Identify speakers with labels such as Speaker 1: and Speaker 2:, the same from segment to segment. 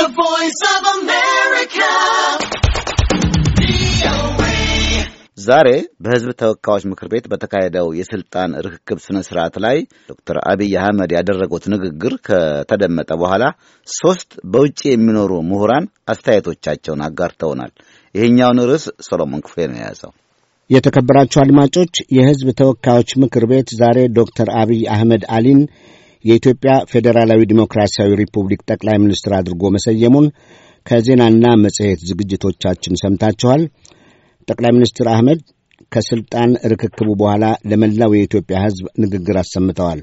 Speaker 1: The Voice of America.
Speaker 2: ዛሬ በህዝብ ተወካዮች ምክር ቤት በተካሄደው የስልጣን ርክክብ ስነ ስርዓት ላይ ዶክተር አብይ አህመድ ያደረጉት ንግግር ከተደመጠ በኋላ ሶስት በውጭ የሚኖሩ ምሁራን አስተያየቶቻቸውን አጋርተውናል። ይህኛውን ርዕስ ሶሎሞን ክፍሌ ነው የያዘው። የተከበራቸው አድማጮች፣ የህዝብ ተወካዮች ምክር ቤት ዛሬ ዶክተር አብይ አህመድ አሊን የኢትዮጵያ ፌዴራላዊ ዲሞክራሲያዊ ሪፑብሊክ ጠቅላይ ሚኒስትር አድርጎ መሰየሙን ከዜናና መጽሔት ዝግጅቶቻችን ሰምታችኋል። ጠቅላይ ሚኒስትር አህመድ ከሥልጣን ርክክቡ በኋላ ለመላው የኢትዮጵያ ሕዝብ ንግግር አሰምተዋል።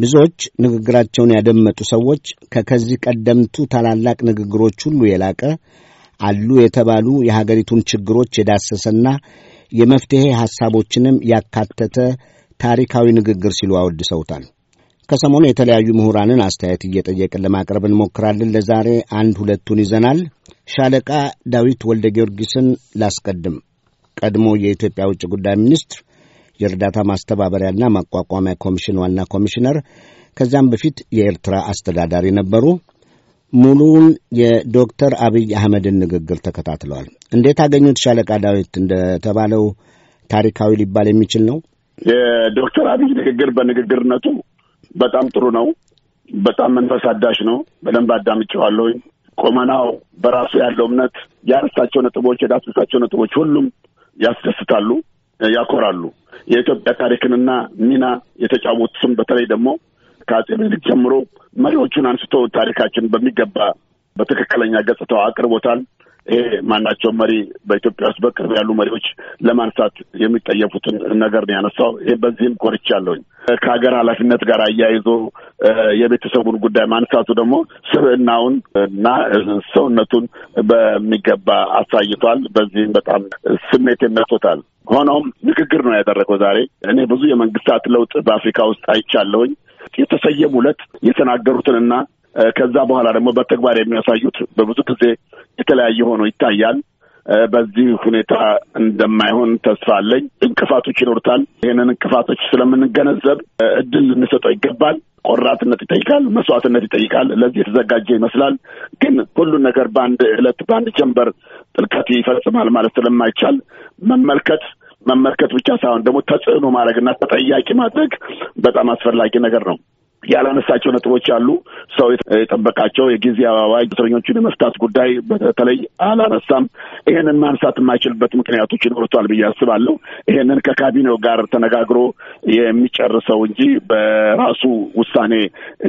Speaker 2: ብዙዎች ንግግራቸውን ያደመጡ ሰዎች ከከዚህ ቀደምቱ ታላላቅ ንግግሮች ሁሉ የላቀ አሉ የተባሉ የሀገሪቱን ችግሮች የዳሰሰና የመፍትሔ ሐሳቦችንም ያካተተ ታሪካዊ ንግግር ሲሉ አወድሰውታል። ከሰሞኑ የተለያዩ ምሁራንን አስተያየት እየጠየቅን ለማቅረብ እንሞክራለን። ለዛሬ አንድ ሁለቱን ይዘናል። ሻለቃ ዳዊት ወልደ ጊዮርጊስን ላስቀድም። ቀድሞ የኢትዮጵያ ውጭ ጉዳይ ሚኒስትር፣ የእርዳታ ማስተባበሪያና ማቋቋሚያ ኮሚሽን ዋና ኮሚሽነር፣ ከዚያም በፊት የኤርትራ አስተዳዳሪ ነበሩ። ሙሉውን የዶክተር አብይ አህመድን ንግግር ተከታትለዋል። እንዴት አገኙት? ሻለቃ ዳዊት እንደተባለው ታሪካዊ ሊባል የሚችል ነው።
Speaker 1: የዶክተር አብይ ንግግር በንግግርነቱ በጣም ጥሩ ነው። በጣም መንፈስ አዳሽ ነው። በደንብ አዳምጨዋለሁ። ቆመናው በራሱ ያለው እምነት፣ ያነሳቸው ነጥቦች፣ የዳሰሳቸው ነጥቦች ሁሉም ያስደስታሉ፣ ያኮራሉ። የኢትዮጵያ ታሪክንና ሚና የተጫወቱትም በተለይ ደግሞ ከአጼ ምኒልክ ጀምሮ መሪዎቹን አንስቶ ታሪካችን በሚገባ በትክክለኛ ገጽታው አቅርቦታል። ይሄ ማናቸውም መሪ በኢትዮጵያ ውስጥ በቅርብ ያሉ መሪዎች ለማንሳት የሚጠየፉትን ነገር ነው ያነሳው። ይህ በዚህም ኮርቻለሁኝ። ከሀገር ኃላፊነት ጋር አያይዞ የቤተሰቡን ጉዳይ ማንሳቱ ደግሞ ስብዕናውን እና ሰውነቱን በሚገባ አሳይቷል። በዚህም በጣም ስሜት ነክቶታል። ሆኖም ንግግር ነው ያደረገው ዛሬ። እኔ ብዙ የመንግስታት ለውጥ በአፍሪካ ውስጥ አይቻለሁኝ። የተሰየሙ ዕለት የተናገሩትንና ከዛ በኋላ ደግሞ በተግባር የሚያሳዩት በብዙ ጊዜ የተለያየ ሆኖ ይታያል። በዚህ ሁኔታ እንደማይሆን ተስፋ አለኝ። እንቅፋቶች ይኖሩታል። ይህንን እንቅፋቶች ስለምንገነዘብ እድል ልንሰጠው ይገባል። ቆራትነት ይጠይቃል፣ መስዋዕትነት ይጠይቃል። ለዚህ የተዘጋጀ ይመስላል። ግን ሁሉን ነገር በአንድ ዕለት በአንድ ጀንበር ጥልቀት ይፈጽማል ማለት ስለማይቻል መመልከት መመልከት ብቻ ሳይሆን ደግሞ ተጽዕኖ ማድረግና ተጠያቂ ማድረግ በጣም አስፈላጊ ነገር ነው። ያላነሳቸው ነጥቦች አሉ። ሰው የጠበቃቸው የጊዜ አዋጅ እስረኞቹን የመፍታት ጉዳይ በተለይ አላነሳም። ይሄንን ማንሳት የማይችልበት ምክንያቶች ይኖርቷል ብዬ አስባለሁ። ይሄንን ከካቢኔው ጋር ተነጋግሮ የሚጨርሰው እንጂ በራሱ ውሳኔ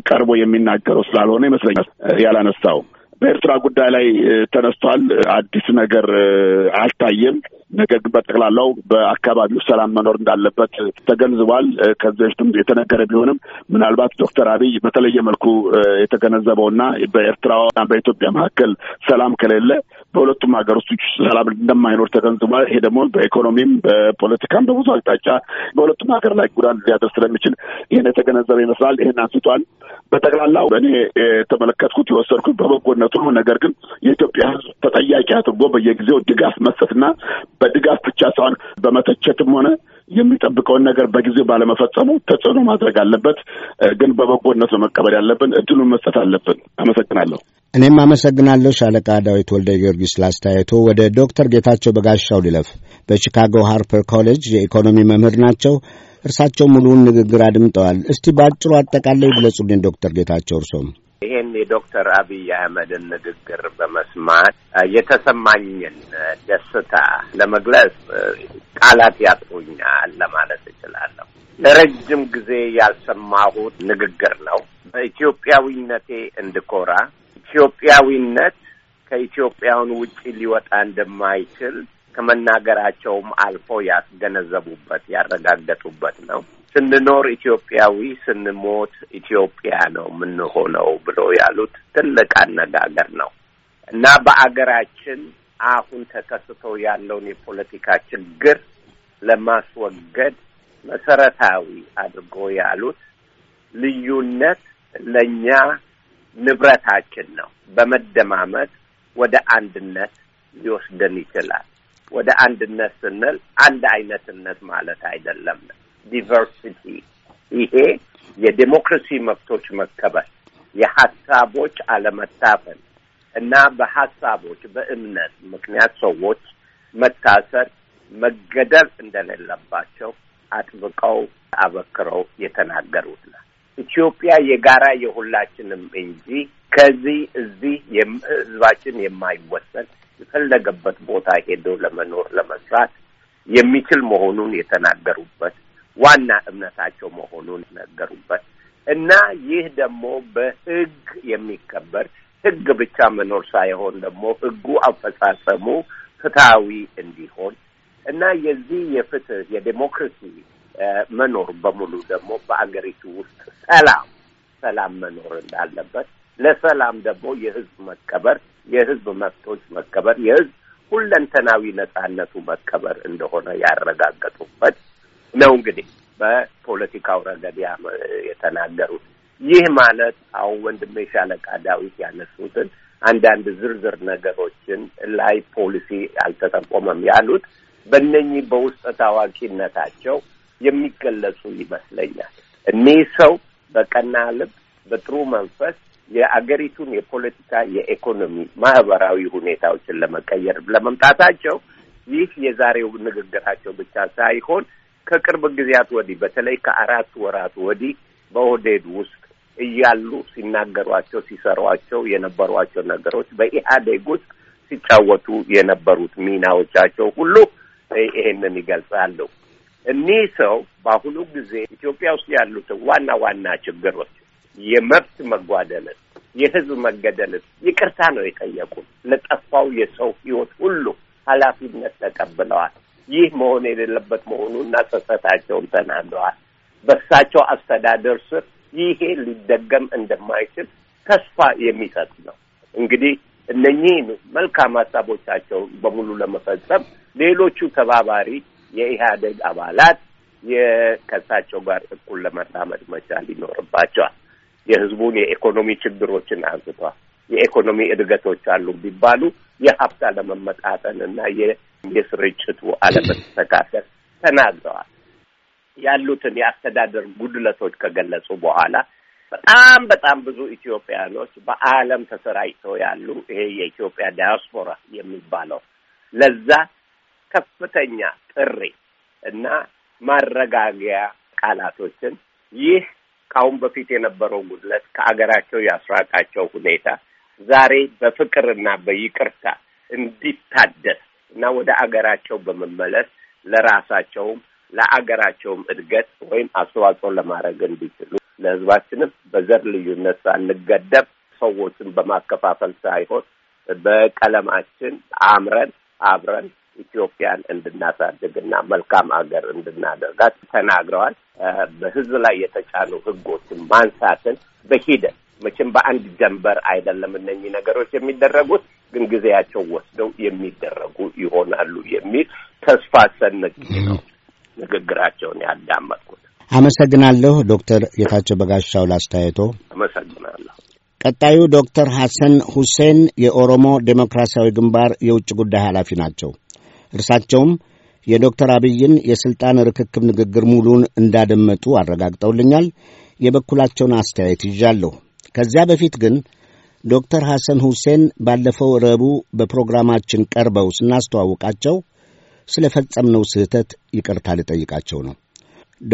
Speaker 1: ቀርቦ የሚናገረው ስላልሆነ ይመስለኛል ያላነሳው። በኤርትራ ጉዳይ ላይ ተነስቷል። አዲስ ነገር አልታየም። ነገር ግን በጠቅላላው በአካባቢው ሰላም መኖር እንዳለበት ተገንዝቧል። ከዚህ በፊትም የተነገረ ቢሆንም ምናልባት ዶክተር አብይ በተለየ መልኩ የተገነዘበውና በኤርትራና በኢትዮጵያ መካከል ሰላም ከሌለ በሁለቱም ሀገር ውስጥ ሰላም እንደማይኖር ተገንዝቧል። ይሄ ደግሞ በኢኮኖሚም በፖለቲካም በብዙ አቅጣጫ በሁለቱም ሀገር ላይ ጉዳት ሊያደርስ ስለሚችል ይህን የተገነዘበ ይመስላል። ይህን አንስቷል። በጠቅላላው እኔ የተመለከትኩት የወሰድኩት በበጎነቱ ነው። ነገር ግን የኢትዮጵያ ሕዝብ ተጠያቂ አድርጎ በየጊዜው ድጋፍ መስጠትና በድጋፍ ብቻ ሳይሆን በመተቸትም ሆነ የሚጠብቀውን ነገር በጊዜው ባለመፈጸሙ ተጽዕኖ ማድረግ አለበት። ግን በበጎነት ነው መቀበል ያለብን፣ እድሉን መስጠት አለብን። አመሰግናለሁ።
Speaker 2: እኔም አመሰግናለሁ ሻለቃ ዳዊት ወልደ ጊዮርጊስ ላስተያየቶ። ወደ ዶክተር ጌታቸው በጋሻው ሊለፍ በቺካጎ ሃርፐር ኮሌጅ የኢኮኖሚ መምህር ናቸው። እርሳቸው ሙሉውን ንግግር አድምጠዋል። እስቲ በአጭሩ አጠቃላይ ይግለጹልን ዶክተር ጌታቸው እርሶም
Speaker 3: ይሄን የዶክተር አብይ አህመድን ንግግር በመስማት የተሰማኝን ደስታ ለመግለጽ ቃላት ያጥሩኛል ለማለት እችላለሁ። ለረጅም ጊዜ ያልሰማሁት ንግግር ነው። በኢትዮጵያዊነቴ እንድኮራ፣ ኢትዮጵያዊነት ከኢትዮጵያውን ውጪ ሊወጣ እንደማይችል ከመናገራቸውም አልፎ ያስገነዘቡበት ያረጋገጡበት ነው። ስንኖር ኢትዮጵያዊ ስንሞት ኢትዮጵያ ነው የምንሆነው ብሎ ያሉት ትልቅ አነጋገር ነው እና በአገራችን አሁን ተከስቶ ያለውን የፖለቲካ ችግር ለማስወገድ መሰረታዊ አድርጎ ያሉት ልዩነት ለእኛ ንብረታችን ነው። በመደማመጥ ወደ አንድነት ሊወስደን ይችላል። ወደ አንድነት ስንል አንድ አይነትነት ማለት አይደለም። ዲቨርሲቲ ይሄ የዴሞክራሲ መብቶች መከበር፣ የሀሳቦች አለመታፈን እና በሀሳቦች በእምነት ምክንያት ሰዎች መታሰር፣ መገደል እንደሌለባቸው አጥብቀው አበክረው የተናገሩት ነው። ኢትዮጵያ የጋራ የሁላችንም እንጂ ከዚህ እዚህ ህዝባችን የማይወሰን የፈለገበት ቦታ ሄዶ ለመኖር ለመስራት የሚችል መሆኑን የተናገሩበት ዋና እምነታቸው መሆኑን ነገሩበት እና ይህ ደግሞ በህግ የሚከበር ህግ ብቻ መኖር ሳይሆን ደግሞ ህጉ አፈጻጸሙ ፍትሐዊ እንዲሆን እና የዚህ የፍትህ የዴሞክራሲ መኖር በሙሉ ደግሞ በአገሪቱ ውስጥ ሰላም ሰላም መኖር እንዳለበት ለሰላም ደግሞ የህዝብ መከበር የህዝብ መብቶች መከበር የህዝብ ሁለንተናዊ ነጻነቱ መከበር እንደሆነ ያረጋገጡበት ነው እንግዲህ በፖለቲካው ረገድ የተናገሩት። ይህ ማለት አሁን ወንድሜ ሻለቃ ዳዊት ያነሱትን አንዳንድ ዝርዝር ነገሮችን ላይ ፖሊሲ አልተጠቆመም ያሉት በእነኚህ በውስጥ ታዋቂነታቸው የሚገለጹ ይመስለኛል። እኔ ሰው በቀና ልብ በጥሩ መንፈስ የአገሪቱን የፖለቲካ፣ የኢኮኖሚ፣ ማህበራዊ ሁኔታዎችን ለመቀየር ለመምጣታቸው ይህ የዛሬው ንግግራቸው ብቻ ሳይሆን ከቅርብ ጊዜያት ወዲህ በተለይ ከአራት ወራት ወዲህ በኦህዴድ ውስጥ እያሉ ሲናገሯቸው ሲሰሯቸው የነበሯቸው ነገሮች በኢህአዴግ ውስጥ ሲጫወቱ የነበሩት ሚናዎቻቸው ሁሉ ይሄንን ይገልጻሉ። እኒህ ሰው በአሁኑ ጊዜ ኢትዮጵያ ውስጥ ያሉትን ዋና ዋና ችግሮች የመብት መጓደልን፣ የህዝብ መገደልን ይቅርታ ነው የጠየቁት። ለጠፋው የሰው ህይወት ሁሉ ኃላፊነት ተቀብለዋል። ይህ መሆን የሌለበት መሆኑና ጽሕፈታቸውን ተናግረዋል። በእሳቸው አስተዳደር ስር ይሄ ሊደገም እንደማይችል ተስፋ የሚሰጥ ነው። እንግዲህ እነኚህን መልካም ሀሳቦቻቸውን በሙሉ ለመፈጸም ሌሎቹ ተባባሪ የኢህአዴግ አባላት ከእሳቸው ጋር እኩል ለመራመድ መቻል ይኖርባቸዋል። የህዝቡን የኢኮኖሚ ችግሮችን አንስቷል። የኢኮኖሚ እድገቶች አሉ ቢባሉ የሀብት አለመመጣጠን እና የስርጭቱ አለመስተካከል ተናግረዋል። ያሉትን የአስተዳደር ጉድለቶች ከገለጹ በኋላ በጣም በጣም ብዙ ኢትዮጵያኖች በዓለም ተሰራጭተው ያሉ ይሄ የኢትዮጵያ ዳያስፖራ የሚባለው ለዛ ከፍተኛ ጥሪ እና ማረጋጊያ ቃላቶችን ይህ ከአሁን በፊት የነበረው ጉድለት ከአገራቸው ያስራቃቸው ሁኔታ ዛሬ በፍቅርና በይቅርታ እንዲታደስ እና ወደ አገራቸው በመመለስ ለራሳቸውም ለአገራቸውም እድገት ወይም አስተዋጽኦ ለማድረግ እንዲችሉ ለህዝባችንም በዘር ልዩነት ሳንገደብ ሰዎችን በማከፋፈል ሳይሆን በቀለማችን አምረን አብረን ኢትዮጵያን እንድናሳድግ መልካም አገር እንድናደርጋት ተናግረዋል። በህዝብ ላይ የተጫኑ ህጎችን ማንሳትን በሂደት መቼም በአንድ ጀንበር አይደለም እነኚህ ነገሮች የሚደረጉት፣ ግን ጊዜያቸው ወስደው የሚደረጉ ይሆናሉ የሚል ተስፋ ሰንቄ ነው ንግግራቸውን ያዳመጥኩት።
Speaker 2: አመሰግናለሁ ዶክተር ጌታቸው በጋሻው ላስተያየቶ
Speaker 3: አመሰግናለሁ።
Speaker 2: ቀጣዩ ዶክተር ሐሰን ሁሴን የኦሮሞ ዴሞክራሲያዊ ግንባር የውጭ ጉዳይ ኃላፊ ናቸው። እርሳቸውም የዶክተር አብይን የሥልጣን ርክክብ ንግግር ሙሉን እንዳደመጡ አረጋግጠውልኛል። የበኩላቸውን አስተያየት ይዣለሁ። ከዚያ በፊት ግን ዶክተር ሐሰን ሁሴን ባለፈው ረቡዕ በፕሮግራማችን ቀርበው ስናስተዋውቃቸው ስለ ፈጸምነው ስህተት ይቅርታ ልጠይቃቸው ነው።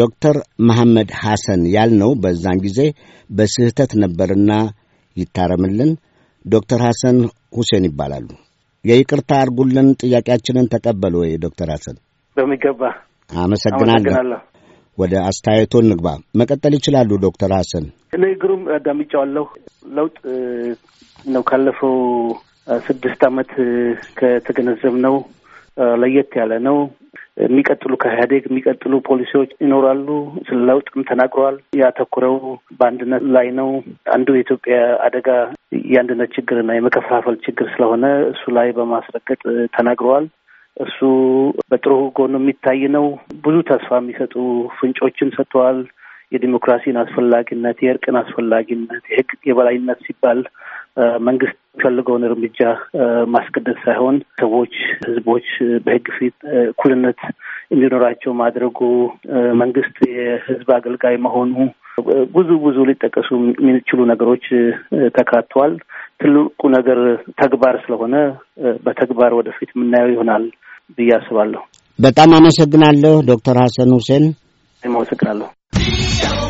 Speaker 2: ዶክተር መሐመድ ሐሰን ያልነው በዛን ጊዜ በስህተት ነበርና ይታረምልን። ዶክተር ሐሰን ሁሴን ይባላሉ። የይቅርታ አድርጉልን ጥያቄያችንን ተቀበሉ ወይ? ዶክተር ሐሰን በሚገባ አመሰግናለሁ። ወደ አስተያየቶን ንግባ። መቀጠል ይችላሉ ዶክተር ሐሰን።
Speaker 4: እኔ ግሩም አዳምጫዋለሁ። ለውጥ ነው ካለፈው ስድስት ዓመት ነው ለየት ያለ ነው። የሚቀጥሉ ከኢህአዴግ የሚቀጥሉ ፖሊሲዎች ይኖራሉ። ስለ ለውጥም ተናግረዋል። ያተኩረው በአንድነት ላይ ነው። አንዱ የኢትዮጵያ አደጋ የአንድነት ችግርና የመከፋፈል ችግር ስለሆነ እሱ ላይ በማስረገጥ ተናግረዋል። እሱ በጥሩ ጎኑ የሚታይ ነው። ብዙ ተስፋ የሚሰጡ ፍንጮችን ሰጥተዋል። የዲሞክራሲን አስፈላጊነት፣ የእርቅን አስፈላጊነት፣ የህግ የበላይነት ሲባል መንግስት የሚፈልገውን እርምጃ ማስቀደስ ሳይሆን ሰዎች፣ ህዝቦች በህግ ፊት እኩልነት እንዲኖራቸው ማድረጉ መንግስት የህዝብ አገልጋይ መሆኑ ብዙ ብዙ ሊጠቀሱ የሚችሉ ነገሮች ተካተዋል። ትልቁ ነገር ተግባር ስለሆነ በተግባር ወደፊት የምናየው ይሆናል ብዬ አስባለሁ። በጣም አመሰግናለሁ ዶክተር ሀሰን ሁሴን። Hemos Carlos.